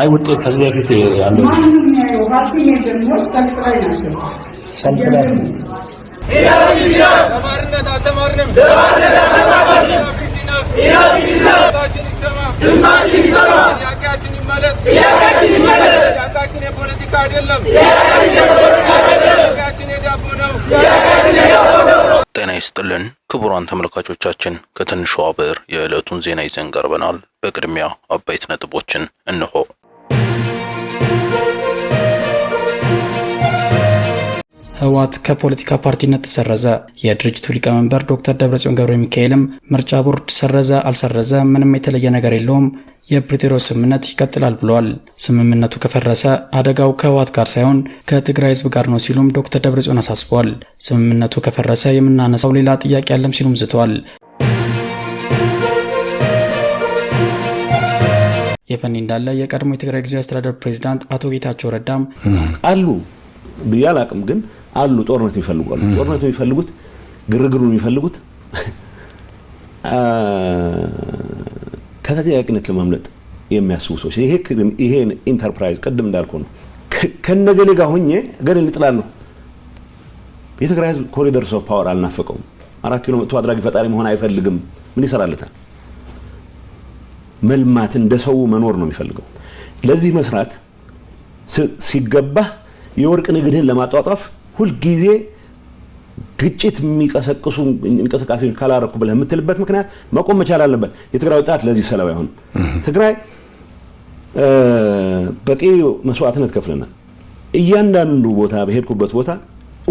አይ ውጤት ከዚህ በፊት ያለው የፖለቲካ አይደለም። ጤና ይስጥልን ክቡራን ተመልካቾቻችን፣ ከትንሿ ብዕር የዕለቱን ዜና ይዘን ቀርበናል። በቅድሚያ አበይት ነጥቦችን እንሆ ህወሓት ከፖለቲካ ፓርቲነት ተሰረዘ። የድርጅቱ ሊቀመንበር ዶክተር ደብረጽዮን ገብረ ሚካኤልም ምርጫ ቦርድ ሰረዘ አልሰረዘ ምንም የተለየ ነገር የለውም የፕሪቶሪያው ስምምነት ይቀጥላል ብለዋል። ስምምነቱ ከፈረሰ አደጋው ከህወሓት ጋር ሳይሆን ከትግራይ ህዝብ ጋር ነው ሲሉም ዶክተር ደብረጽዮን አሳስበዋል። ስምምነቱ ከፈረሰ የምናነሳው ሌላ ጥያቄ አለም ሲሉም ዝተዋል። የፈኒ እንዳለ የቀድሞ የትግራይ ጊዜያዊ አስተዳደር ፕሬዚዳንት አቶ ጌታቸው ረዳም አሉ ብዬ አላቅም፣ ግን አሉ ጦርነት የሚፈልጉ አሉ። ጦርነት የሚፈልጉት ግርግሩ የሚፈልጉት ከተጠያቂነት ለማምለጥ የሚያስቡ ሰዎች ይሄን ኢንተርፕራይዝ ቅድም እንዳልኩ ነው። ከነገሌ ጋር ሆኜ ገሌን ልጥላል ነው። የትግራይ ህዝብ ኮሪደርስ ኦፍ ፓወር አልናፈቀውም። አራት ኪሎ መጥቶ አድራጊ ፈጣሪ መሆን አይፈልግም። ምን ይሰራለታል? መልማት እንደ ሰው መኖር ነው የሚፈልገው። ለዚህ መስራት ሲገባ የወርቅ ንግድህን ለማጧጧፍ ሁልጊዜ ግጭት የሚቀሰቅሱ እንቅስቃሴዎች ካላረኩ ብለህ የምትልበት ምክንያት መቆም መቻል አለበት። የትግራይ ወጣት ለዚህ ሰለባ አይሆንም። ትግራይ በቂ መስዋዕትነት ከፍለናል። እያንዳንዱ ቦታ በሄድኩበት ቦታ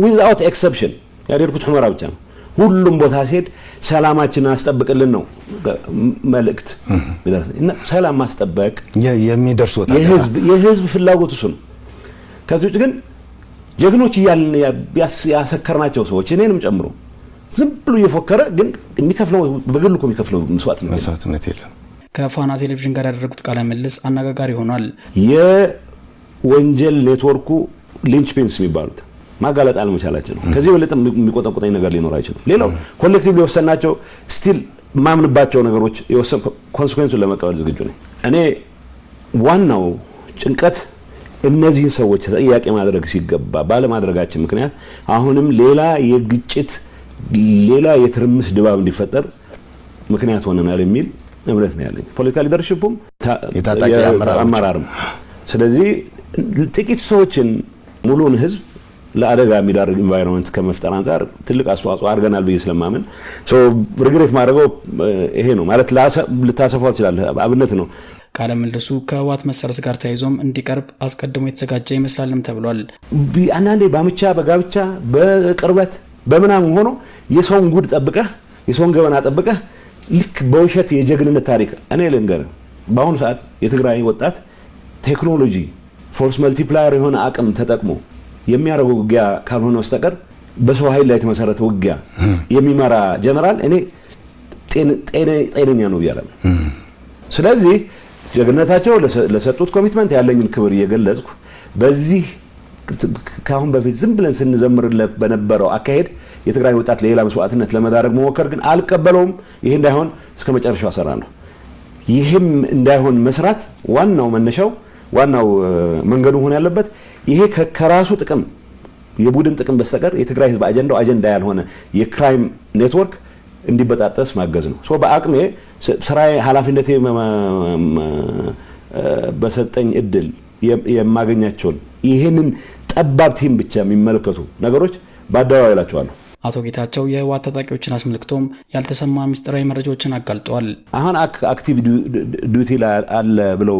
ዊዝአውት ኤክሰፕሽን ያደርኩት ሑመራ ብቻ ነው። ሁሉም ቦታ ሲሄድ ሰላማችንን አስጠብቅልን ነው መልእክት። ሰላም ማስጠበቅ የህዝብ ፍላጎት እሱ ነው። ከዚህ ውጭ ግን ጀግኖች እያልን ያሰከርናቸው ሰዎች እኔንም ጨምሮ ዝም ብሎ እየፎከረ ግን የሚከፍለው በግል እኮ የሚከፍለው መስዋዕትነት የለም። ከፋና ቴሌቪዥን ጋር ያደረጉት ቃለ ምልልስ አነጋጋሪ ሆኗል። የወንጀል ኔትወርኩ ሊንች ፔንስ የሚባሉት ማጋለጥ አለመቻላቸው ነው። ከዚህ በለጥ የሚቆጠቁጠኝ ነገር ሊኖር አይችልም። ሌላው ኮሌክቲቭ የወሰናቸው ስቲል ማምንባቸው ነገሮች ኮንስኮንሱን ለመቀበል ዝግጁ ነኝ። እኔ ዋናው ጭንቀት እነዚህ ሰዎች ተጠያቂ ማድረግ ሲገባ ባለማድረጋችን ምክንያት አሁንም ሌላ የግጭት ሌላ የትርምስ ድባብ እንዲፈጠር ምክንያት ሆነናል የሚል እምነት ነው ያለኝ። ፖለቲካ ሊደርሽፑም አመራርም። ስለዚህ ጥቂት ሰዎችን ሙሉውን ህዝብ ለአደጋ የሚዳርግ ኢንቫይሮንመንት ከመፍጠር አንጻር ትልቅ አስተዋጽኦ አድርገናል ብዬ ስለማምን ሪግሬት ማድረገው ይሄ ነው ማለት ልታሰፋ ትችላለህ። አብነት ነው ቃለ ምልልሱ ከህወሓት መሰረስ ጋር ተያይዞም እንዲቀርብ አስቀድሞ የተዘጋጀ ይመስላልም ተብሏል። አንዳንዴ በአምቻ በጋብቻ በቅርበት በምናምን ሆኖ የሰውን ጉድ ጠብቀህ የሰውን ገበና ጠብቀህ ልክ በውሸት የጀግንነት ታሪክ እኔ ልንገር፣ በአሁኑ ሰዓት የትግራይ ወጣት ቴክኖሎጂ ፎርስ መልቲፕላየር የሆነ አቅም ተጠቅሞ የሚያደርገው ውጊያ ካልሆነ በስተቀር በሰው ኃይል ላይ የተመሰረተ ውጊያ የሚመራ ጀነራል እኔ ጤነኛ ነው ብያለሁ። ስለዚህ ጀግነታቸው ለሰጡት ኮሚትመንት ያለኝን ክብር እየገለጽኩ በዚህ ከአሁን በፊት ዝም ብለን ስንዘምርለት በነበረው አካሄድ የትግራይ ወጣት ለሌላ መስዋዕትነት ለመዳረግ መሞከር ግን አልቀበለውም። ይህ እንዳይሆን እስከ መጨረሻው ሰራ ነው። ይህም እንዳይሆን መስራት ዋናው መነሻው ዋናው መንገዱ መሆን ያለበት ይሄ ከራሱ ጥቅም የቡድን ጥቅም በስተቀር የትግራይ ህዝብ አጀንዳው አጀንዳ ያልሆነ የክራይም ኔትወርክ እንዲበጣጠስ ማገዝ ነው። በአቅሜ ስራ ኃላፊነቴ በሰጠኝ እድል የማገኛቸውን ይህንን ጠባብ ቲም ብቻ የሚመለከቱ ነገሮች በአደባባይ እላቸዋለሁ። አቶ ጌታቸው የህወሓት ታጣቂዎችን አስመልክቶም ያልተሰማ ሚስጥራዊ መረጃዎችን አጋልጠዋል። አሁን አክቲቭ ዲቲ አለ ብለው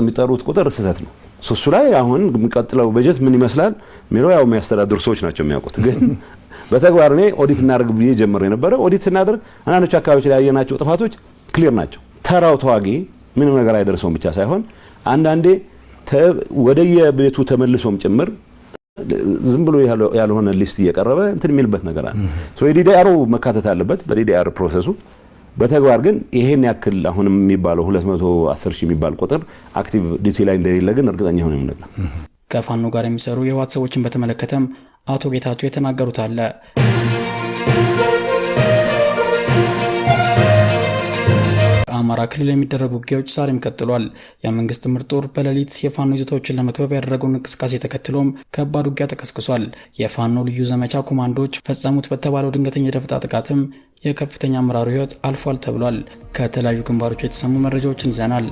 የሚጠሩት ቁጥር ስህተት ነው። እሱ ላይ አሁን የሚቀጥለው በጀት ምን ይመስላል የሚለው ያው የሚያስተዳድሩ ሰዎች ናቸው የሚያውቁት ግን በተግባር እኔ ኦዲት እናደርግ ብዬ ጀምር የነበረ ኦዲት ስናደርግ አንዳንዶቹ አካባቢዎች ላይ ያየናቸው ጥፋቶች ክሊር ናቸው። ተራው ተዋጊ ምንም ነገር አይደርሰውም ብቻ ሳይሆን አንዳንዴ ወደየቤቱ ተመልሶም ጭምር ዝም ብሎ ያልሆነ ሊስት እየቀረበ እንትን የሚልበት ነገር አለ። የዲዲአሩ መካተት አለበት በዲዲአር ፕሮሰሱ። በተግባር ግን ይሄን ያክል አሁንም የሚባለው 210 የሚባል ቁጥር አክቲቭ ዲቲ ላይ እንደሌለ ግን እርግጠኛ ሆነ የምንለው ከፋኖ ጋር የሚሰሩ የህወሓት ሰዎችን በተመለከተም አቶ ጌታቸው የተናገሩት አለ። አማራ ክልል የሚደረጉ ውጊያዎች ዛሬም ቀጥሏል። የመንግስት ምር ጦር በሌሊት የፋኖ ይዞታዎችን ለመክበብ ያደረገውን እንቅስቃሴ ተከትሎም ከባድ ውጊያ ተቀስቅሷል። የፋኖ ልዩ ዘመቻ ኮማንዶዎች ፈጸሙት በተባለው ድንገተኛ የደፈጣ ጥቃትም የከፍተኛ አመራሩ ህይወት አልፏል ተብሏል። ከተለያዩ ግንባሮች የተሰሙ መረጃዎችን ይዘናል።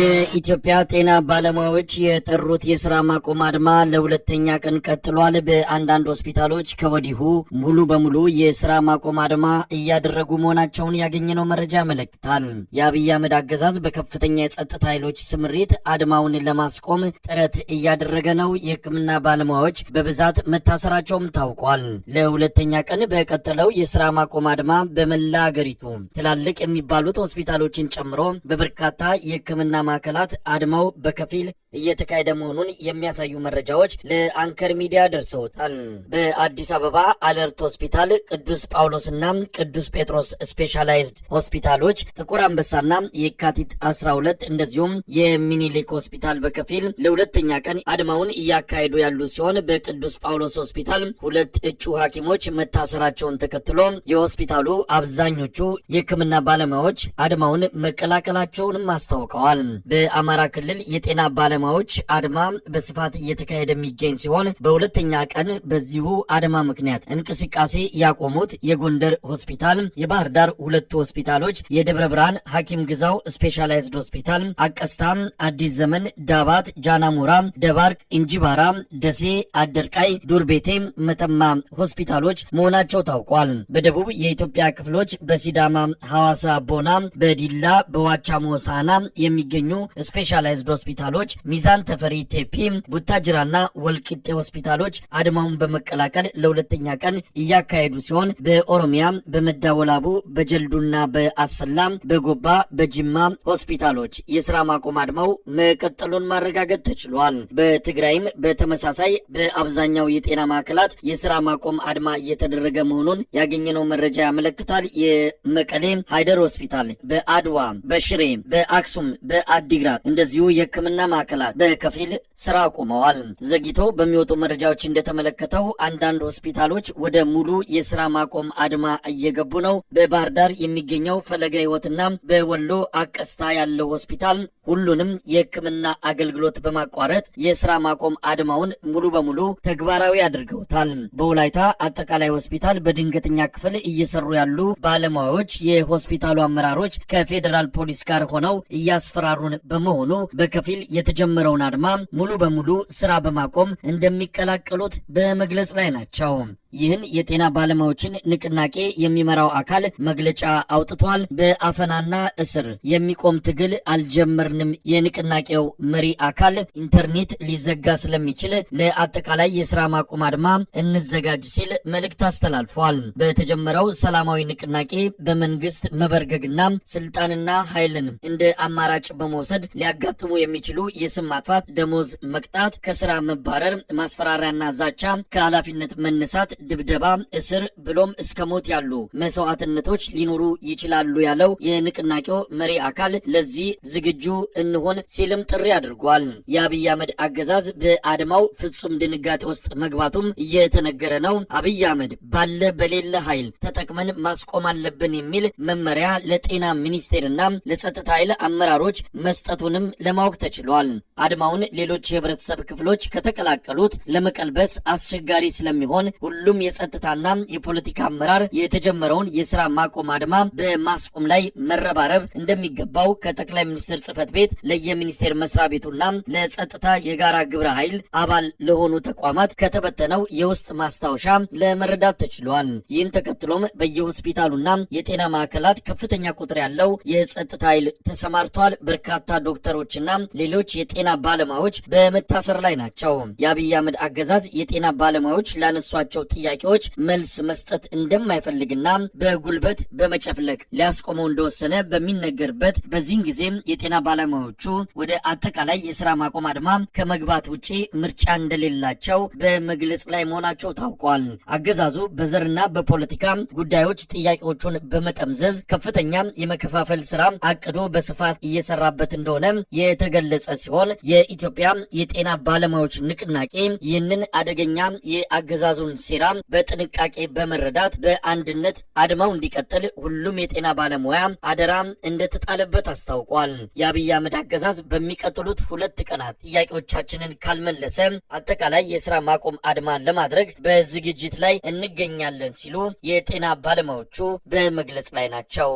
የኢትዮጵያ ጤና ባለሙያዎች የጠሩት የስራ ማቆም አድማ ለሁለተኛ ቀን ቀጥሏል። በአንዳንድ ሆስፒታሎች ከወዲሁ ሙሉ በሙሉ የስራ ማቆም አድማ እያደረጉ መሆናቸውን ያገኘነው መረጃ ያመለክታል። የአብይ አህመድ አገዛዝ በከፍተኛ የጸጥታ ኃይሎች ስምሪት አድማውን ለማስቆም ጥረት እያደረገ ነው። የህክምና ባለሙያዎች በብዛት መታሰራቸውም ታውቋል። ለሁለተኛ ቀን በቀጠለው የስራ ማቆም አድማ በመላ አገሪቱ ትላልቅ የሚባሉት ሆስፒታሎችን ጨምሮ በበርካታ የህክምና ። ማዕከላት አድማው በከፊል እየተካሄደ መሆኑን የሚያሳዩ መረጃዎች ለአንከር ሚዲያ ደርሰውታል። በአዲስ አበባ አለርት ሆስፒታል፣ ቅዱስ ጳውሎስና ቅዱስ ጴጥሮስ ስፔሻላይዝድ ሆስፒታሎች፣ ጥቁር አንበሳና የካቲት 12 እንደዚሁም የሚኒሊክ ሆስፒታል በከፊል ለሁለተኛ ቀን አድማውን እያካሄዱ ያሉ ሲሆን በቅዱስ ጳውሎስ ሆስፒታል ሁለት እጩ ሐኪሞች መታሰራቸውን ተከትሎ የሆስፒታሉ አብዛኞቹ የሕክምና ባለሙያዎች አድማውን መቀላቀላቸውንም አስታውቀዋል። በአማራ ክልል የጤና ባለ ከተማዎች አድማ በስፋት እየተካሄደ የሚገኝ ሲሆን በሁለተኛ ቀን በዚሁ አድማ ምክንያት እንቅስቃሴ ያቆሙት የጎንደር ሆስፒታል፣ የባህር ዳር ሁለቱ ሆስፒታሎች፣ የደብረ ብርሃን ሐኪም ግዛው ስፔሻላይዝድ ሆስፒታል፣ አቀስታም፣ አዲስ ዘመን፣ ዳባት፣ ጃናሞራ፣ ደባርቅ፣ እንጂባራ፣ ደሴ፣ አደርቃይ፣ ዱር ቤቴ፣ መተማ ሆስፒታሎች መሆናቸው ታውቋል። በደቡብ የኢትዮጵያ ክፍሎች በሲዳማ ሐዋሳ፣ ቦና፣ በዲላ፣ በዋቻ ሞሳና የሚገኙ ስፔሻላይዝድ ሆስፒታሎች ሚዛን ተፈሪ ቴፒ፣ ቡታጅራና ወልቂጤ ሆስፒታሎች አድማውን በመቀላቀል ለሁለተኛ ቀን እያካሄዱ ሲሆን በኦሮሚያ በመዳወላቡ በጀልዱና በአሰላ በጎባ በጅማ ሆስፒታሎች የስራ ማቆም አድማው መቀጠሉን ማረጋገጥ ተችሏል። በትግራይም በተመሳሳይ በአብዛኛው የጤና ማዕከላት የስራ ማቆም አድማ እየተደረገ መሆኑን ያገኘነው መረጃ ያመለክታል። የመቀሌ ሃይደር ሆስፒታል፣ በአድዋ፣ በሽሬ፣ በአክሱም፣ በአዲግራት እንደዚሁ የህክምና ማዕከላት ሆስፒታላት በከፊል ስራ አቁመዋል። ዘግይቶ በሚወጡ መረጃዎች እንደተመለከተው አንዳንድ ሆስፒታሎች ወደ ሙሉ የስራ ማቆም አድማ እየገቡ ነው። በባህር ዳር የሚገኘው ፈለገ ህይወትና በወሎ አቀስታ ያለው ሆስፒታል ሁሉንም የሕክምና አገልግሎት በማቋረጥ የስራ ማቆም አድማውን ሙሉ በሙሉ ተግባራዊ አድርገውታል። በወላይታ አጠቃላይ ሆስፒታል በድንገተኛ ክፍል እየሰሩ ያሉ ባለሙያዎች የሆስፒታሉ አመራሮች ከፌዴራል ፖሊስ ጋር ሆነው እያስፈራሩን በመሆኑ በከፊል የተጀመረውን አድማ ሙሉ በሙሉ ስራ በማቆም እንደሚቀላቀሉት በመግለጽ ላይ ናቸው። ይህን የጤና ባለሙያዎችን ንቅናቄ የሚመራው አካል መግለጫ አውጥቷል። በአፈናና እስር የሚቆም ትግል አልጀመርንም። የንቅናቄው መሪ አካል ኢንተርኔት ሊዘጋ ስለሚችል ለአጠቃላይ የስራ ማቆም አድማ እንዘጋጅ ሲል መልእክት አስተላልፏል። በተጀመረው ሰላማዊ ንቅናቄ በመንግስት መበርገግና ስልጣንና ኃይልን እንደ አማራጭ በመውሰድ ሊያጋጥሙ የሚችሉ የስም ማጥፋት፣ ደሞዝ መቅጣት፣ ከስራ መባረር፣ ማስፈራሪያና ዛቻ፣ ከኃላፊነት መነሳት ድብደባ፣ እስር ብሎም እስከ ሞት ያሉ መስዋዕትነቶች ሊኖሩ ይችላሉ ያለው የንቅናቄው መሪ አካል ለዚህ ዝግጁ እንሆን ሲልም ጥሪ አድርጓል። የአብይ አህመድ አገዛዝ በአድማው ፍጹም ድንጋጤ ውስጥ መግባቱም እየተነገረ ነው። አብይ አህመድ ባለ በሌለ ኃይል ተጠቅመን ማስቆም አለብን የሚል መመሪያ ለጤና ሚኒስቴርና ለጸጥታ ኃይል አመራሮች መስጠቱንም ለማወቅ ተችሏል። አድማውን ሌሎች የህብረተሰብ ክፍሎች ከተቀላቀሉት ለመቀልበስ አስቸጋሪ ስለሚሆን ሁሉ ሁሉም የጸጥታና የፖለቲካ አመራር የተጀመረውን የስራ ማቆም አድማ በማስቆም ላይ መረባረብ እንደሚገባው ከጠቅላይ ሚኒስትር ጽህፈት ቤት ለየሚኒስቴር መስሪያ ቤቱና ለጸጥታ የጋራ ግብረ ኃይል አባል ለሆኑ ተቋማት ከተበተነው የውስጥ ማስታወሻ ለመረዳት ተችሏል። ይህን ተከትሎም በየሆስፒታሉና የጤና ማዕከላት ከፍተኛ ቁጥር ያለው የጸጥታ ኃይል ተሰማርቷል። በርካታ ዶክተሮችና ሌሎች የጤና ባለሙያዎች በመታሰር ላይ ናቸው። የአብይ አህመድ አገዛዝ የጤና ባለሙያዎች ላነሷቸው ጥያቄዎች መልስ መስጠት እንደማይፈልግና በጉልበት በመጨፍለቅ ሊያስቆመው እንደወሰነ በሚነገርበት በዚህን ጊዜም የጤና ባለሙያዎቹ ወደ አጠቃላይ የስራ ማቆም አድማ ከመግባት ውጪ ምርጫ እንደሌላቸው በመግለጽ ላይ መሆናቸው ታውቋል። አገዛዙ በዘርና በፖለቲካ ጉዳዮች ጥያቄዎቹን በመጠምዘዝ ከፍተኛ የመከፋፈል ስራ አቅዶ በስፋት እየሰራበት እንደሆነ የተገለጸ ሲሆን የኢትዮጵያ የጤና ባለሙያዎች ንቅናቄ ይህንን አደገኛ የአገዛዙን ሴራ ስራም በጥንቃቄ በመረዳት በአንድነት አድማው እንዲቀጥል ሁሉም የጤና ባለሙያ አደራ እንደተጣለበት አስታውቋል። የአብይ አህመድ አገዛዝ በሚቀጥሉት ሁለት ቀናት ጥያቄዎቻችንን ካልመለሰ አጠቃላይ የስራ ማቆም አድማ ለማድረግ በዝግጅት ላይ እንገኛለን ሲሉ የጤና ባለሙያዎቹ በመግለጽ ላይ ናቸው።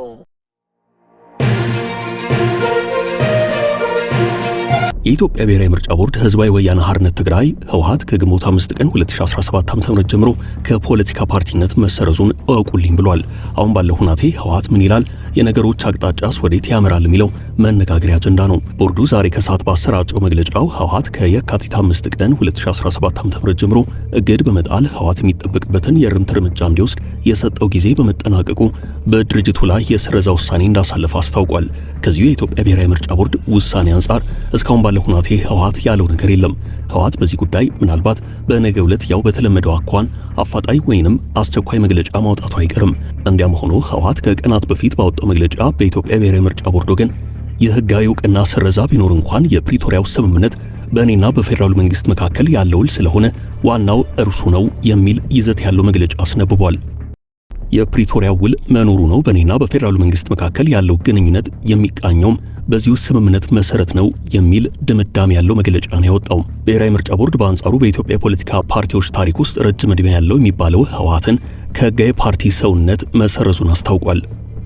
የኢትዮጵያ ብሔራዊ ምርጫ ቦርድ ህዝባዊ ወያነ ሓርነት ትግራይ ህወሓት ከግንቦት 5 ቀን 2017 ዓ.ም ጀምሮ ከፖለቲካ ፓርቲነት መሰረዙን እወቁልኝ ብሏል። አሁን ባለው ሁናቴ ህወሓት ምን ይላል፣ የነገሮች አቅጣጫስ ወዴት ያመራል የሚለው መነጋገሪያ አጀንዳ ነው። ቦርዱ ዛሬ ከሰዓት ባሰራጨው መግለጫው ህወሓት ከየካቲት 5 ቀን 2017 ዓ.ም ጀምሮ እግድ በመጣል ህወሓት የሚጠበቅበትን የእርምት እርምጃ እንዲወስድ የሰጠው ጊዜ በመጠናቀቁ በድርጅቱ ላይ የስረዛ ውሳኔ እንዳሳለፈ አስታውቋል። ከዚሁ የኢትዮጵያ ብሔራዊ ምርጫ ቦርድ ውሳኔ አንጻር እስካሁን ስለ ሁናቴ ህወሓት ያለው ነገር የለም። ህወሓት በዚህ ጉዳይ ምናልባት በነገ ዕለት ያው በተለመደው አኳን አፋጣኝ ወይንም አስቸኳይ መግለጫ ማውጣቱ አይቀርም። እንዲያም ሆኖ ህወሓት ከቀናት በፊት ባወጣው መግለጫ በኢትዮጵያ ብሔራዊ ምርጫ ቦርድ ወገን የህጋዊ እውቅና ስረዛ ቢኖር እንኳን የፕሪቶሪያው ስምምነት በእኔና በፌዴራሉ መንግስት መካከል ያለውል ስለሆነ ዋናው እርሱ ነው የሚል ይዘት ያለው መግለጫ አስነብቧል። የፕሪቶሪያ ውል መኖሩ ነው። በእኔና በፌዴራሉ መንግስት መካከል ያለው ግንኙነት የሚቃኘውም በዚሁ ስምምነት መሰረት ነው የሚል ድምዳሜ ያለው መግለጫ ነው ያወጣው። ብሔራዊ ምርጫ ቦርድ በአንጻሩ በኢትዮጵያ የፖለቲካ ፓርቲዎች ታሪክ ውስጥ ረጅም ዕድሜ ያለው የሚባለው ህወሓትን ከህጋዊ ፓርቲ ሰውነት መሰረዙን አስታውቋል።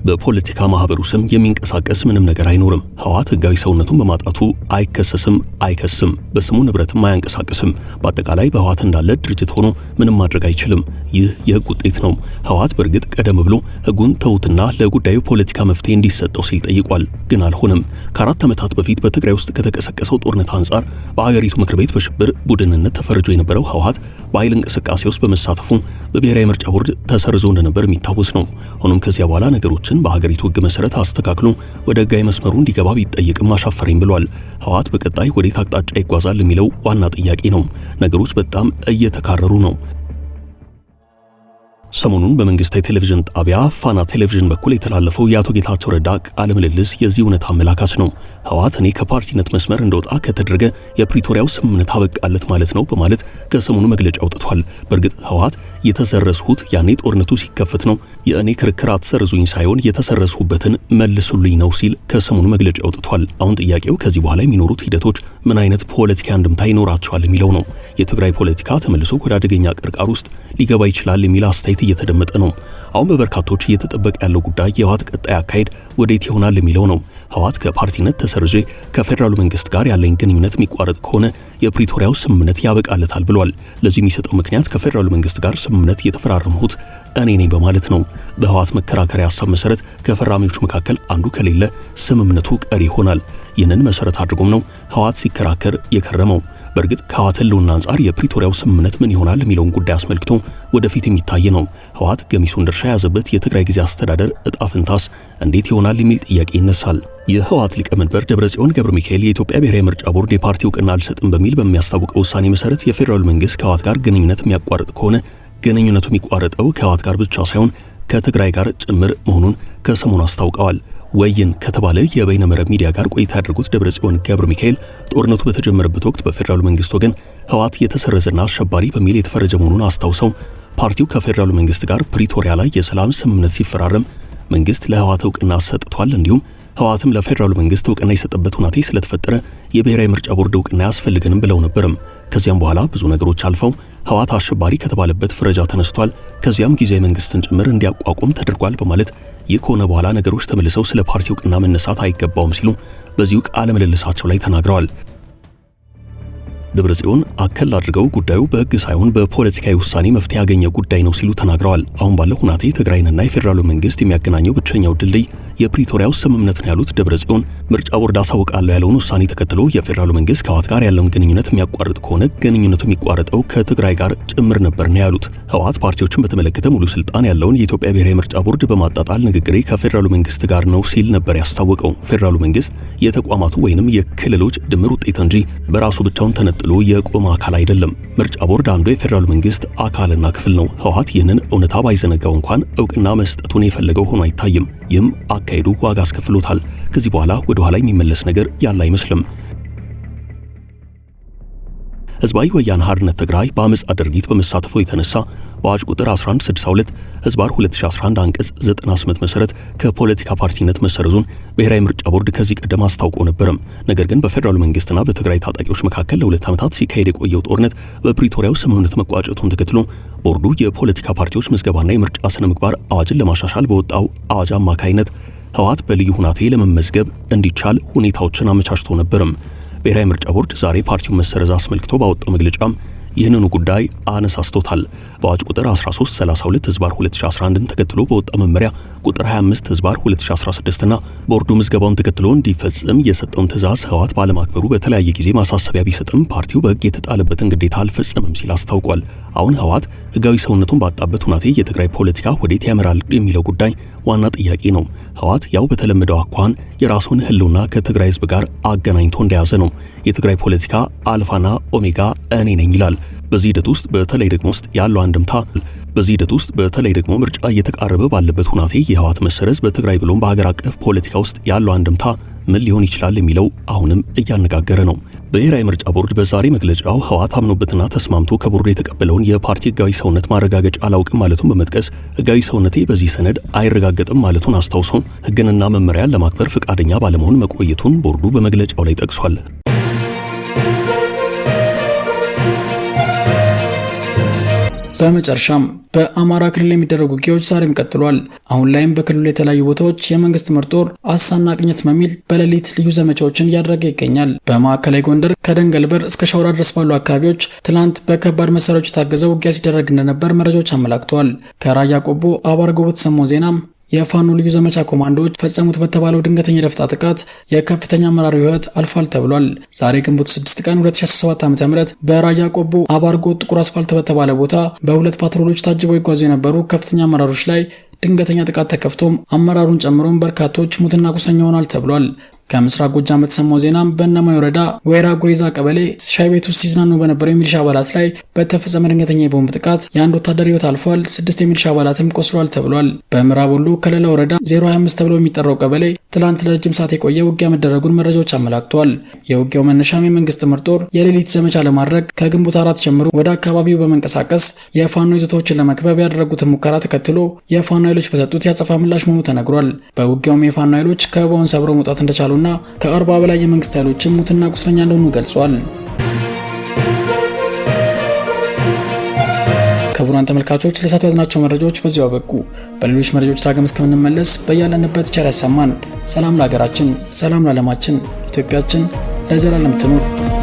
በፖለቲካ ማህበሩ ስም የሚንቀሳቀስ ምንም ነገር አይኖርም። ህወሓት ህጋዊ ሰውነቱን በማጣቱ አይከሰስም፣ አይከስም፣ በስሙ ንብረትም አያንቀሳቅስም። በአጠቃላይ በህወሓት እንዳለ ድርጅት ሆኖ ምንም ማድረግ አይችልም። ይህ የህግ ውጤት ነው። ህወሓት በእርግጥ ቀደም ብሎ ህጉን ተዉትና ለጉዳዩ ፖለቲካ መፍትሄ እንዲሰጠው ሲል ጠይቋል፣ ግን አልሆነም። ከአራት ዓመታት በፊት በትግራይ ውስጥ ከተቀሰቀሰው ጦርነት አንጻር በአገሪቱ ምክር ቤት በሽብር ቡድንነት ተፈርጆ የነበረው ህወሓት በኃይል እንቅስቃሴ ውስጥ በመሳተፉ በብሔራዊ ምርጫ ቦርድ ተሰርዞ እንደነበር የሚታወስ ነው። ሆኖም ከዚያ በኋላ ነገሮች አዋጆችን በሀገሪቱ ህግ መሰረት አስተካክሎ ወደ ሕጋዊ መስመሩ እንዲገባ ቢጠየቅም አሻፈረኝ ብሏል። ህወሓት በቀጣይ ወዴት አቅጣጫ ይጓዛል የሚለው ዋና ጥያቄ ነው። ነገሮች በጣም እየተካረሩ ነው። ሰሞኑን በመንግስት የቴሌቪዥን ጣቢያ ፋና ቴሌቪዥን በኩል የተላለፈው የአቶ ጌታቸው ረዳ ቃለ ምልልስ የዚህ እውነት አመላካች ነው። ህወሓት እኔ ከፓርቲነት መስመር እንደወጣ ከተደረገ የፕሪቶሪያው ስምምነት አበቃለት ማለት ነው በማለት ከሰሞኑ መግለጫ አውጥቷል። በእርግጥ ህወሓት የተሰረስሁት ያኔ ጦርነቱ ሲከፈት ነው። የእኔ ክርክር አትሰርዙኝ ሳይሆን የተሰረስሁበትን መልሱልኝ ነው ሲል ከሰሞኑ መግለጫ አውጥቷል። አሁን ጥያቄው ከዚህ በኋላ የሚኖሩት ሂደቶች ምን አይነት ፖለቲካ አንድምታ ይኖራቸዋል የሚለው ነው። የትግራይ ፖለቲካ ተመልሶ ወደ አደገኛ ቅርቃር ውስጥ ሊገባ ይችላል የሚል አስተያየት ትችት እየተደመጠ ነው። አሁን በበርካቶች እየተጠበቀ ያለው ጉዳይ የህወሓት ቀጣይ አካሄድ ወዴት ይሆናል የሚለው ነው። ህወሓት ከፓርቲነት ተሰርዤ ከፌዴራሉ መንግስት ጋር ያለኝ ግንኙነት የሚቋረጥ ከሆነ የፕሪቶሪያው ስምምነት ያበቃለታል ብሏል። ለዚህ የሚሰጠው ምክንያት ከፌዴራሉ መንግስት ጋር ስምምነት የተፈራረምሁት እኔ ነኝ በማለት ነው። በህወሓት መከራከሪያ ሀሳብ መሰረት ከፈራሚዎቹ መካከል አንዱ ከሌለ ስምምነቱ ቀሪ ይሆናል። ይህንን መሰረት አድርጎም ነው ህወሓት ሲከራከር የከረመው። በእርግጥ ከህወሓት ህልውና አንጻር የፕሪቶሪያው ስምምነት ምን ይሆናል የሚለውን ጉዳይ አስመልክቶ ወደፊት የሚታይ ነው። ህወሓት ገሚሱን ድርሻ የያዘበት የትግራይ ጊዜ አስተዳደር እጣ ፈንታስ እንዴት ይሆናል የሚል ጥያቄ ይነሳል። የህወሓት ሊቀመንበር ደብረጽዮን ገብረ ሚካኤል የኢትዮጵያ ብሔራዊ ምርጫ ቦርድ የፓርቲ እውቅና አልሰጥም በሚል በሚያስታውቀው ውሳኔ መሰረት የፌዴራል መንግስት ከህወሓት ጋር ግንኙነት የሚያቋርጥ ከሆነ ግንኙነቱ የሚቋረጠው ከህወሓት ጋር ብቻ ሳይሆን ከትግራይ ጋር ጭምር መሆኑን ከሰሞኑ አስታውቀዋል። ወይን ከተባለ የበይነ መረብ ሚዲያ ጋር ቆይታ ያደረጉት ደብረጽዮን ገብረ ሚካኤል ጦርነቱ በተጀመረበት ወቅት በፌዴራሉ መንግስት ወገን ህወሓት የተሰረዘና አሸባሪ በሚል የተፈረጀ መሆኑን አስታውሰው ፓርቲው ከፌዴራሉ መንግስት ጋር ፕሪቶሪያ ላይ የሰላም ስምምነት ሲፈራረም መንግስት ለህወሓት እውቅና ሰጥቷል፣ እንዲሁም ህወሓትም ለፌዴራሉ መንግስት እውቅና የሰጠበት ሁናቴ ስለተፈጠረ የብሔራዊ ምርጫ ቦርድ እውቅና አያስፈልገንም ብለው ነበርም። ከዚያም በኋላ ብዙ ነገሮች አልፈው ህወሓት አሸባሪ ከተባለበት ፍረጃ ተነስቷል፣ ከዚያም ጊዜ መንግስትን ጭምር እንዲያቋቁም ተደርጓል በማለት ይህ ከሆነ በኋላ ነገሮች ተመልሰው ስለ ፓርቲው ዕውቅና መነሳት አይገባውም ሲሉ በዚሁ ቃለ ምልልሳቸው ላይ ተናግረዋል። ጽዮን አከል አድርገው ጉዳዩ በሕግ ሳይሆን በፖለቲካዊ ውሳኔ መፍትሄ ያገኘ ጉዳይ ነው ሲሉ ተናግረዋል። አሁን ባለው ሁናቴ ትግራይንና የፌዴራሉ መንግስት የሚያገናኘው ብቸኛው ድልድይ የፕሪቶሪያው ስምምነት ነው ያሉት ጽዮን ምርጫ ቦርድ አሳውቃለሁ ያለውን ውሳኔ ተከትሎ የፌዴራሉ መንግስት ከህወሓት ጋር ያለውን ግንኙነት የሚያቋርጥ ከሆነ ግንኙነቱ የሚቋረጠው ከትግራይ ጋር ጭምር ነበር ነው ያሉት። ህወሓት ፓርቲዎችን በተመለከተ ሙሉ ስልጣን ያለውን የኢትዮጵያ ብሔራዊ ምርጫ ቦርድ በማጣጣል ንግግሬ ከፌዴራሉ መንግስት ጋር ነው ሲል ነበር ያስታወቀው። ፌዴራሉ መንግስት የተቋማቱ ወይንም የክልሎች ድምር ውጤት እንጂ በራሱ ብቻውን ተነ ጥሎ የቆመ አካል አይደለም። ምርጫ ቦርድ አንዱ የፌዴራል መንግስት አካልና ክፍል ነው። ህወሓት ይህንን እውነታ ባይዘነጋው እንኳን እውቅና መስጠቱን የፈለገው ሆኖ አይታይም። ይህም አካሄዱ ዋጋ አስከፍሎታል። ከዚህ በኋላ ወደ ኋላ የሚመለስ ነገር ያለ አይመስልም። ህዝባዊ ወያነ ሓርነት ትግራይ በአመጻ ድርጊት በመሳተፉ የተነሳ በአዋጅ ቁጥር 1162 ህዝባር 2011 አንቀጽ 90 መሰረት ከፖለቲካ ፓርቲነት መሰረዙን ብሔራዊ ምርጫ ቦርድ ከዚህ ቀደም አስታውቆ ነበረም። ነገር ግን በፌዴራሉ መንግስትና በትግራይ ታጣቂዎች መካከል ለሁለት ዓመታት ሲካሄድ የቆየው ጦርነት በፕሪቶሪያው ስምምነት መቋጨቱን ተከትሎ ቦርዱ የፖለቲካ ፓርቲዎች ምዝገባና የምርጫ ስነ ምግባር አዋጅን ለማሻሻል በወጣው አዋጅ አማካይነት ህወሓት በልዩ ሁናቴ ለመመዝገብ እንዲቻል ሁኔታዎችን አመቻችቶ ነበርም። ብሔራዊ ምርጫ ቦርድ ዛሬ ፓርቲው መሰረዝ አስመልክቶ ባወጣው መግለጫም ይህንኑ ጉዳይ አነሳስቶታል። በአዋጅ ቁጥር 1332 ህዝባር 2011ን ተከትሎ በወጣ መመሪያ ቁጥር 25 ህዝባር 2016 እና ቦርዱ ምዝገባውን ተከትሎ እንዲፈጽም የሰጠውን ትዛዝ ህወሓት ባለማክበሩ በተለያየ ጊዜ ማሳሰቢያ ቢሰጥም ፓርቲው በህግ የተጣለበትን ግዴታ አልፈጸመም ሲል አስታውቋል። አሁን ህወሓት ህጋዊ ሰውነቱን ባጣበት ሁናቴ የትግራይ ፖለቲካ ወዴት ያመራል የሚለው ጉዳይ ዋና ጥያቄ ነው። ህወሓት ያው በተለመደው አኳን የራሱን ህልውና ከትግራይ ህዝብ ጋር አገናኝቶ እንደያዘ ነው። የትግራይ ፖለቲካ አልፋና ኦሜጋ እኔ ነኝ ይላል። በዚህ ሂደት ውስጥ በተለይ ደግሞ ውስጥ ያለው አንድምታ በዚህ ሂደት ውስጥ በተለይ ደግሞ ምርጫ እየተቃረበ ባለበት ሁናቴ የህወሓት መሰረዝ በትግራይ ብሎም በሀገር አቀፍ ፖለቲካ ውስጥ ያለው አንድምታ ምን ሊሆን ይችላል የሚለው አሁንም እያነጋገረ ነው። ብሔራዊ ምርጫ ቦርድ በዛሬ መግለጫው ህወሓት አምኖበትና ተስማምቶ ከቦርዱ የተቀበለውን የፓርቲ ህጋዊ ሰውነት ማረጋገጫ አላውቅም ማለቱን በመጥቀስ ህጋዊ ሰውነቴ በዚህ ሰነድ አይረጋገጥም ማለቱን አስታውሶ ህግንና መመሪያን ለማክበር ፈቃደኛ ባለመሆን መቆየቱን ቦርዱ በመግለጫው ላይ ጠቅሷል። በመጨረሻም በአማራ ክልል የሚደረጉ ውጊያዎች ዛሬም ቀጥሏል። አሁን ላይም በክልሉ የተለያዩ ቦታዎች የመንግስት ምር ጦር አሳና ቅኝት በሚል በሌሊት ልዩ ዘመቻዎችን እያደረገ ይገኛል። በማዕከላዊ ጎንደር ከደንገል በር እስከ ሻውራ ድረስ ባሉ አካባቢዎች ትናንት በከባድ መሳሪያዎች የታገዘ ውጊያ ሲደረግ እንደነበር መረጃዎች አመላክተዋል። ከራያ ቆቦ አባርጎ በተሰማው ዜናም የፋኖ ልዩ ዘመቻ ኮማንዶዎች ፈጸሙት በተባለው ድንገተኛ የደፍጣ ጥቃት የከፍተኛ አመራሩ ሕይወት አልፏል ተብሏል። ዛሬ ግንቦት 6 ቀን 2017 ዓ ም በራያ ቆቦ አባርጎ ጥቁር አስፋልት በተባለ ቦታ በሁለት ፓትሮሎች ታጅበው ይጓዙ የነበሩ ከፍተኛ አመራሮች ላይ ድንገተኛ ጥቃት ተከፍቶም አመራሩን ጨምሮም በርካቶች ሙትና ቁሰኛ ሆኗል ተብሏል። ከምስራቅ ጎጃም በተሰማው ዜናም በእነማይ ወረዳ ወይራ ጉሬዛ ቀበሌ ሻይ ቤት ውስጥ ሲዝናኑ በነበረው የሚሊሻ አባላት ላይ በተፈጸመ ድንገተኛ የቦምብ ጥቃት የአንድ ወታደር ህይወት አልፏል፣ ስድስት የሚሊሻ አባላትም ቆስሏል ተብሏል። በምዕራብ ወሎ ከለላ ወረዳ 025 ተብሎ የሚጠራው ቀበሌ ትላንት ለረጅም ሰዓት የቆየ ውጊያ መደረጉን መረጃዎች አመላክቷል። የውጊያው መነሻም የመንግስት ጥምር ጦር የሌሊት ዘመቻ ለማድረግ ከግንቦት አራት ጀምሮ ወደ አካባቢው በመንቀሳቀስ የፋኖ ይዞታዎችን ለመክበብ ያደረጉትን ሙከራ ተከትሎ የፋኖ ኃይሎች በሰጡት ያጸፋ ምላሽ መሆኑ ተነግሯል። በውጊያውም የፋኖ ኃይሎች ከበባውን ሰብረው መውጣት እንደቻሉ እንደተገደሉና ከአርባ በላይ የመንግስት ኃይሎችም ሙትና ቁስለኛ እንደሆኑ ገልጿል። ክቡራን ተመልካቾች ለሳተ ያዝናቸው መረጃዎች በዚሁ አበቁ። በሌሎች መረጃዎች ዳግም እስከምንመለስ በያለንበት ቸር ያሰማን። ሰላም ለሀገራችን፣ ሰላም ለዓለማችን። ኢትዮጵያችን ለዘላለም ትኑር።